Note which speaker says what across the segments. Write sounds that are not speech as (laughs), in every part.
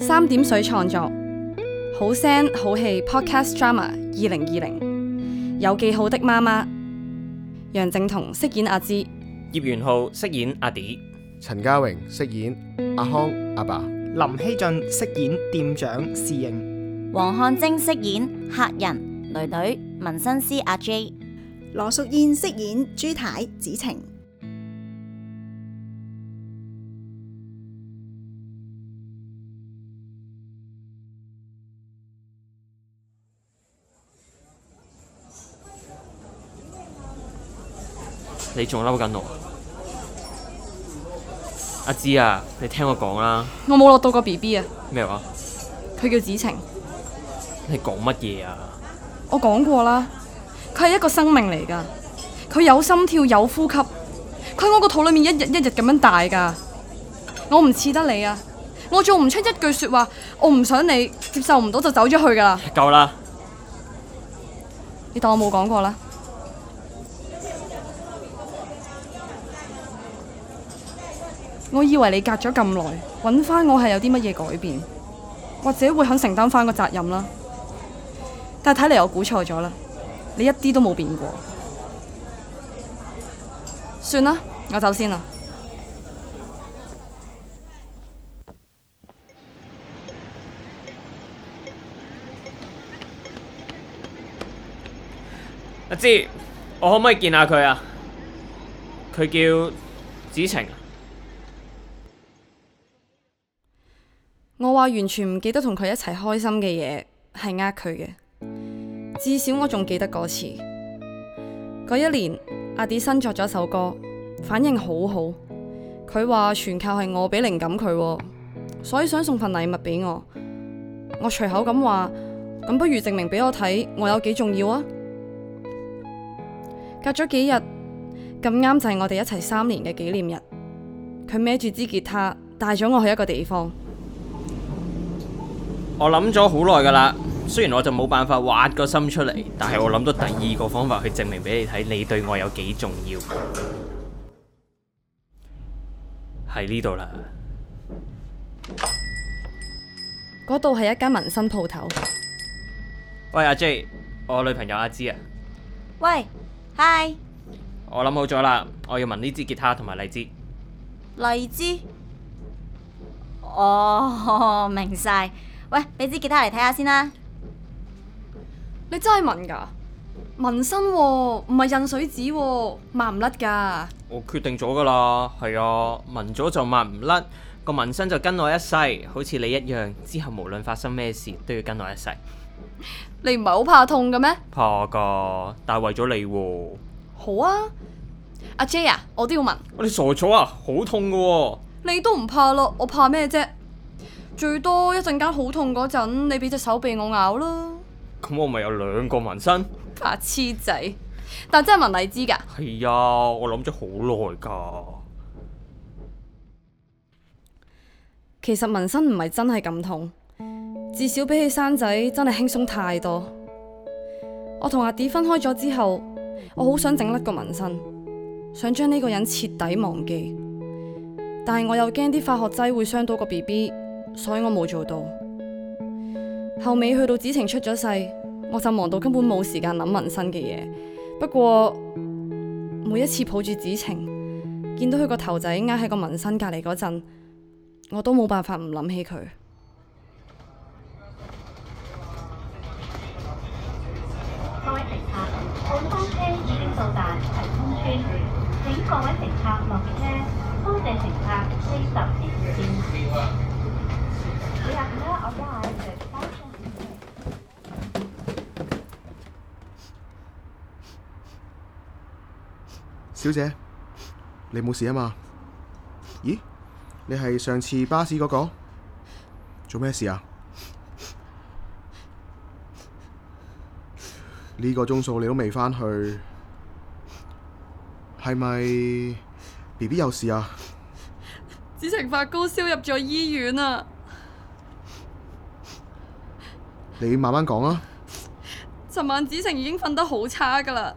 Speaker 1: 三點水創作，好聲好戲 Podcast Drama 二零二零，有記號的媽媽，楊靖彤飾演阿姿，
Speaker 2: 葉元顥飾演阿 Dee，陳家榮飾演阿康、阿爸，林熙俊飾演店長、侍應，黃翰貞飾演客人、囡囡，紋身師阿 J，
Speaker 3: 羅淑燕飾演朱太、子晴。
Speaker 2: 你仲嬲緊我？阿姿啊，你聽我講啦。
Speaker 1: 我冇落到個 B B 啊。
Speaker 2: 咩話麼？
Speaker 1: 佢叫子晴。
Speaker 2: 你講乜嘢啊？
Speaker 1: 我講過啦，佢係一個生命嚟噶，佢有心跳有呼吸，佢喺我個肚裏面一日一日咁樣大噶，我唔似得你啊，我做唔出一句說話，我唔想你接受唔到就走咗去噶啦。
Speaker 2: 夠啦了，
Speaker 1: 你當我冇講過啦。我以為你隔咗咁耐，揾翻我係有啲乜嘢改變，或者會肯承擔翻個責任啦。但係睇嚟我估錯咗啦，你一啲都冇變過。算啦，我走先啦。
Speaker 2: 阿姿，我可唔可以見下佢啊？佢叫子晴。
Speaker 1: 我話完全唔記得同佢一齊開心嘅嘢，係呃佢嘅。至少我仲記得嗰次，嗰一年阿 Dee 新作咗一首歌，反應好好。佢話全靠係我俾靈感佢，所以想送份禮物俾我。我隨口咁話咁，不如證明俾我睇我有幾重要啊。隔咗幾日咁啱就係我哋一齊三年嘅紀念日，佢孭住支吉他帶咗我去一個地方。
Speaker 2: 我諗咗好耐噶啦，雖然我就冇辦法挖個心出嚟，但係我諗到第二個方法去證明俾你睇，你對我有幾重要。喺呢度啦，
Speaker 1: 嗰度係一間紋身鋪頭。
Speaker 2: 喂，阿 J，我女朋友阿芝啊。
Speaker 1: 喂
Speaker 2: ，Hi。我諗好咗啦，我要紋呢支吉他同埋荔枝。荔枝。哦，明晒。喂，俾支吉他
Speaker 1: 嚟睇下先啦。你真係紋噶？紋身喎、啊，唔係印水紙喎、啊，抹唔甩噶。
Speaker 2: 我決定咗噶啦，係啊，紋咗就抹唔甩，個紋身就跟我一世，好似你一樣，之後無論發生咩事都要跟我一世。
Speaker 1: 你唔係好怕痛嘅咩？
Speaker 2: 怕噶，但係為咗你啊，
Speaker 1: 好啊，阿 J 啊，我都要紋。
Speaker 2: 你傻咗啊，好痛噶、啊。
Speaker 1: 你都唔怕咯，我怕咩啫？最多一陣間好痛嗰陣，你俾隻手臂我咬啦。
Speaker 2: 咁我咪有兩個紋身，
Speaker 1: 白痴仔，但真係紋荔枝噶。
Speaker 2: 係啊，我諗咗好耐噶。
Speaker 1: 其實紋身唔係真係咁痛，至少比起生仔真係輕鬆太多。我同阿 D 分開咗之後，我好想整甩個紋身，想將呢個人徹底忘記，但係我又驚啲化學劑會傷到個 B B。所以我冇做到。後尾去到子晴出咗世，我就忙到根本冇時間諗紋身嘅嘢。不過每一次抱住子晴，見到佢個頭仔挨喺個紋身隔離嗰陣，我都冇辦法唔諗起佢。各位乘客，本班車已
Speaker 3: 經到達
Speaker 2: 葵涌村，請各位乘客落車。多謝乘客四十點。
Speaker 1: Yeah, okay.
Speaker 3: 小姐，你冇事啊嘛？咦，你係上次巴士嗰、那個做咩事啊？呢、這個鐘數你都未返去，係咪 B B 有事啊？
Speaker 1: 子晴發高燒入咗醫院啊！
Speaker 3: 你慢慢講啊。
Speaker 1: 尋晚子晴已經瞓得好差㗎喇，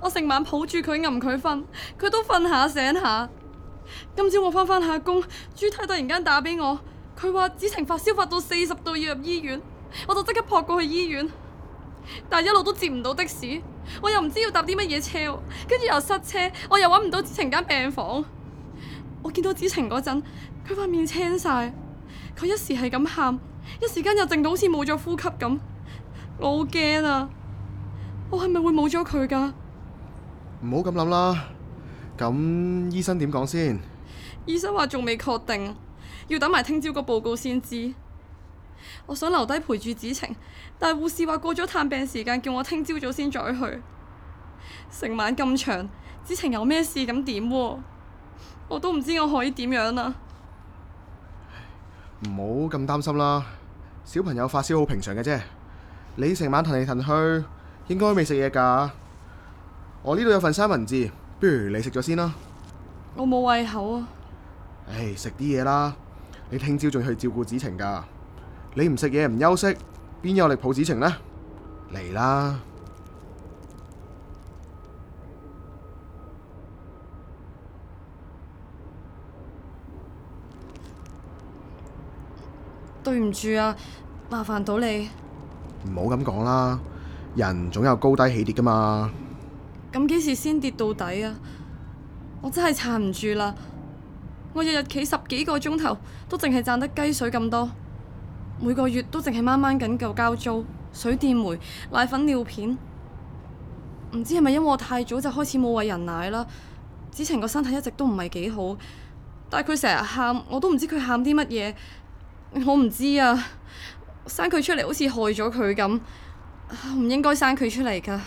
Speaker 1: 我成晚抱住佢吟佢瞓，佢都瞓下醒下。今朝我返返下工，朱太突然間打俾我，佢話子晴發燒發到四十度要入醫院，我就即刻撲過去醫院。但係一路都接唔到的士，我又唔知要搭啲乜嘢車，跟住又塞車，我又揾唔到子晴間病房。我見到子晴嗰陣，佢塊面青晒，佢一時係咁喊。一時間又靜到好似冇咗呼吸咁，我好驚啊！我係咪會冇咗佢噶？
Speaker 3: 唔好咁諗啦。咁醫生點講先？
Speaker 1: 醫生話仲未確定，要等埋聽朝個報告先知。我想留低陪住子晴，但係護士話過咗探病時間，叫我聽朝早先再，再去。成晚咁長，子晴有咩事咁點啊？我都唔知我可以點樣啊。
Speaker 3: 唔好咁擔心啦。小朋友發燒好平常嘅啫，你成晚騰嚟騰去，應該未食嘢噶。我呢度有份三文治，不如你食咗先啦。
Speaker 1: 我冇胃口
Speaker 3: 啊。唉、哎，食啲嘢啦。你聽朝仲要去照顧子晴噶，你唔食嘢唔休息，邊有力抱子晴呢？嚟啦。
Speaker 1: 對唔住啊，麻煩到你。
Speaker 3: 唔好咁講啦，人總有高低起跌噶嘛。
Speaker 1: 咁幾時先跌到底啊？我真係撐唔住啦！我日日企十幾個鐘頭，都淨係賺得雞水咁多，每個月都淨係掹掹緊夠交租、水電煤、奶粉尿片。唔知係咪因為我太早就開始冇餵人奶啦？子晴個身體一直都唔係幾好，但係佢成日喊，我都唔知佢喊啲乜嘢。我唔知啊，生佢出嚟好似害咗佢咁，唔應該生佢出嚟噶。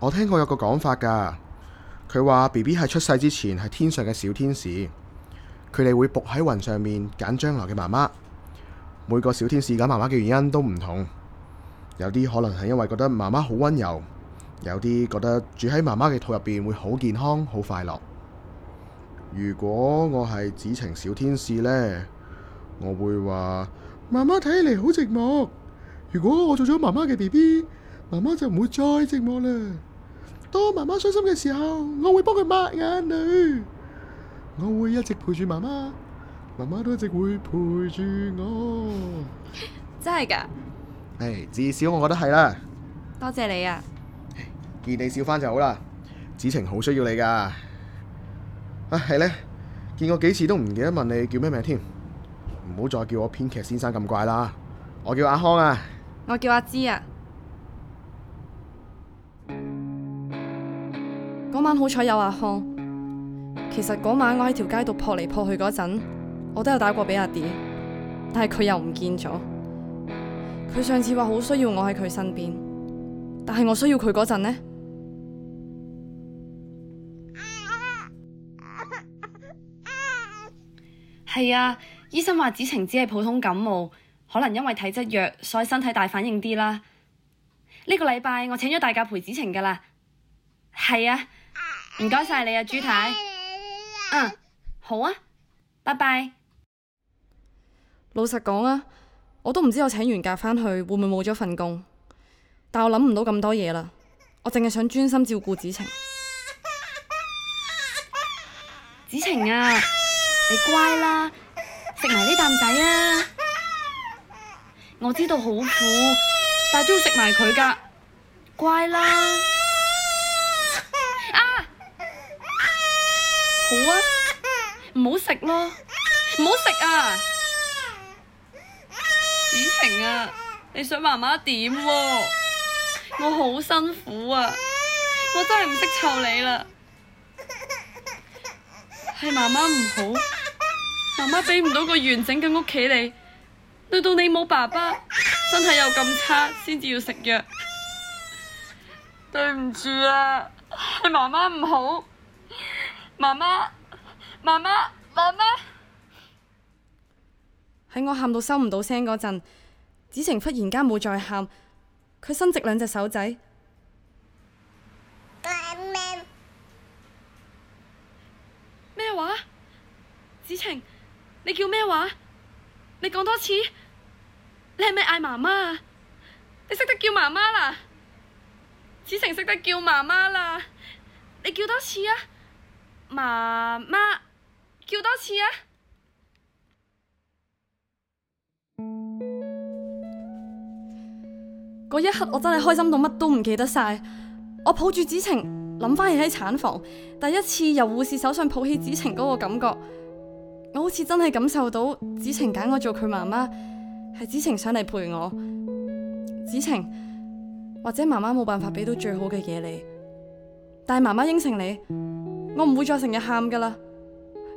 Speaker 3: 我聽過有個講法噶，佢話 B B 係出世之前係天上嘅小天使，佢哋會伏喺雲上面揀將來嘅媽媽。每個小天使揀媽媽嘅原因都唔同，有啲可能係因為覺得媽媽好溫柔，有啲覺得住喺媽媽嘅肚入邊會好健康好快樂。如果我係子晴小天使呢，我會話媽媽睇起嚟，好寂寞。如果我做咗媽媽嘅 BB，媽媽就唔會再寂寞啦。當媽媽傷心嘅時候，我會幫佢抹眼淚。我會一直陪住媽媽，媽媽都一直會陪住我。
Speaker 1: 真係噶，
Speaker 3: 誒，至少我覺得係啦。
Speaker 1: 多謝你啊，
Speaker 3: 見你笑翻就好啦。子晴好需要你噶。啊係咧，見過幾次都唔記得問你叫咩名添，唔好再叫我編劇先生咁怪啦。我叫阿康啊，
Speaker 1: 我叫阿姿啊。嗰晚好彩有阿康，其實嗰晚我喺條街度撲嚟撲去嗰陣，我都有打過俾阿 Dee，但係佢又唔見咗。佢上次話好需要我喺佢身邊，但係我需要佢嗰陣呢？係啊，醫生話子晴只係普通感冒，可能因為體質弱，所以身體大反應啲啦。呢個禮拜我請咗大假陪子晴噶啦。係啊，唔該晒你啊，朱太。嗯，好啊，拜拜。老實講啊，我都唔知我請完假翻去會唔會冇咗份工，但我諗唔到咁多嘢啦。我淨係想專心照顧子晴。子晴 (laughs) 啊！你乖啦，食埋呢啖仔啊！我知道好苦，但係都要食埋佢噶。乖啦，啊，好啊，唔好食咯，唔好食啊！子晴啊，你想媽媽點？我好辛苦啊，我真係唔識湊你啦，係媽媽唔好。媽媽畀唔到個完整嘅屋企你，累到你冇爸爸，身體又咁差，先至要食藥。對唔住啊，係媽媽唔好。媽媽，媽媽，媽媽。喺我喊到收唔到聲嗰陣，子晴忽然間冇再喊，佢伸直兩隻手仔。咩話？ (laughs) 子晴。你叫咩話？你講多次，你係咪嗌媽媽啊？你識得叫媽媽啦，子晴識得叫媽媽啦，你叫多次啊，媽媽，叫多次啊！嗰一刻我真係開心到乜都唔記得晒，我抱住子晴，諗翻起喺產房第一次由護士手上抱起子晴嗰個感覺。我好似真係感受到，子晴揀我做佢媽媽，係子晴想嚟陪我。子晴或者媽媽冇辦法俾到最好嘅嘢你，但係媽媽應承你，我唔會再成日喊噶啦。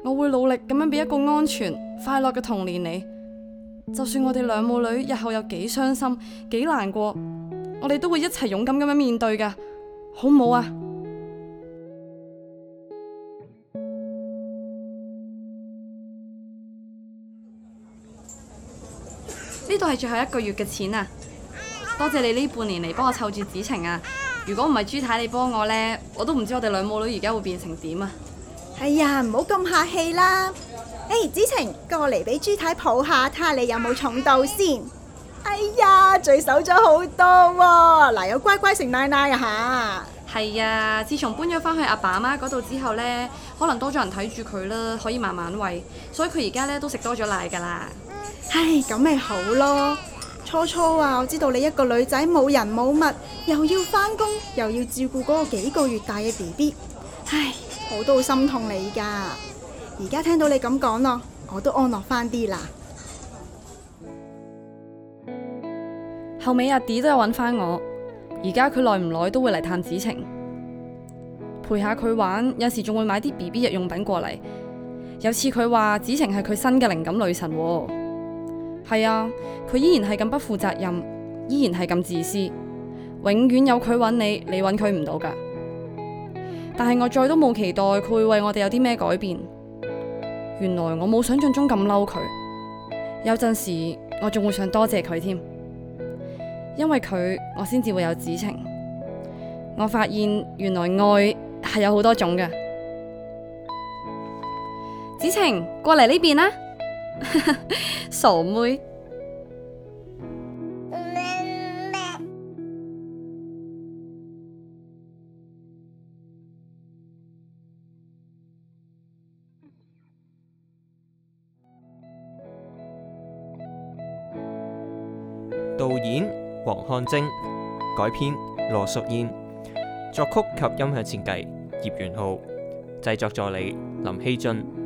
Speaker 1: 我會努力咁樣俾一個安全、快樂嘅童年你。就算我哋兩母女日後有幾傷心、幾難過，我哋都會一齊勇敢咁樣面對噶，好唔好啊？呢度係最後一個月嘅錢啊！多謝你呢半年嚟幫我湊住子晴啊！如果唔係朱太你幫我呢，我都唔知我哋兩母女而家會變成點啊！哎呀，唔好咁客氣啦！誒、哎，子晴過嚟俾朱太抱下，睇下你有冇重到先。哎呀，墜手咗好多喎，啊！嗱，有乖乖食奶奶啊吓，係啊、哎，自從搬咗返去阿爸阿媽嗰度之後呢，可能多咗人睇住佢啦，可以慢慢餵，所以佢而家呢，都食多咗奶㗎啦。唉，咁咪好咯。初初啊，我知道你一個女仔冇人冇物，又要翻工，又要照顧嗰個幾個月大嘅 BB。唉，我都好心痛你噶。而家聽到你咁講咯，我都安樂翻啲啦。後尾阿 Dee 都有揾翻我，而家佢耐唔耐都會嚟探子晴，陪下佢玩，有時仲會買啲 BB 日用品過嚟。有次佢話子晴係佢新嘅靈感女神啊。係啊，佢依然係咁不負責任，依然係咁自私，永遠有佢揾你，你揾佢唔到㗎。但係我再都冇期待佢會為我哋有啲咩改變。原來我冇想象中咁嬲佢，有陣時我仲會想多謝佢添，因為佢我先至會有子晴。我發現原來愛係有好多種嘅。子晴過嚟呢邊啦。 (laughs) 傻妹。
Speaker 2: 導演黃翰貞，改編羅淑燕，作曲及音響設計葉元顥，製作助理林熙俊。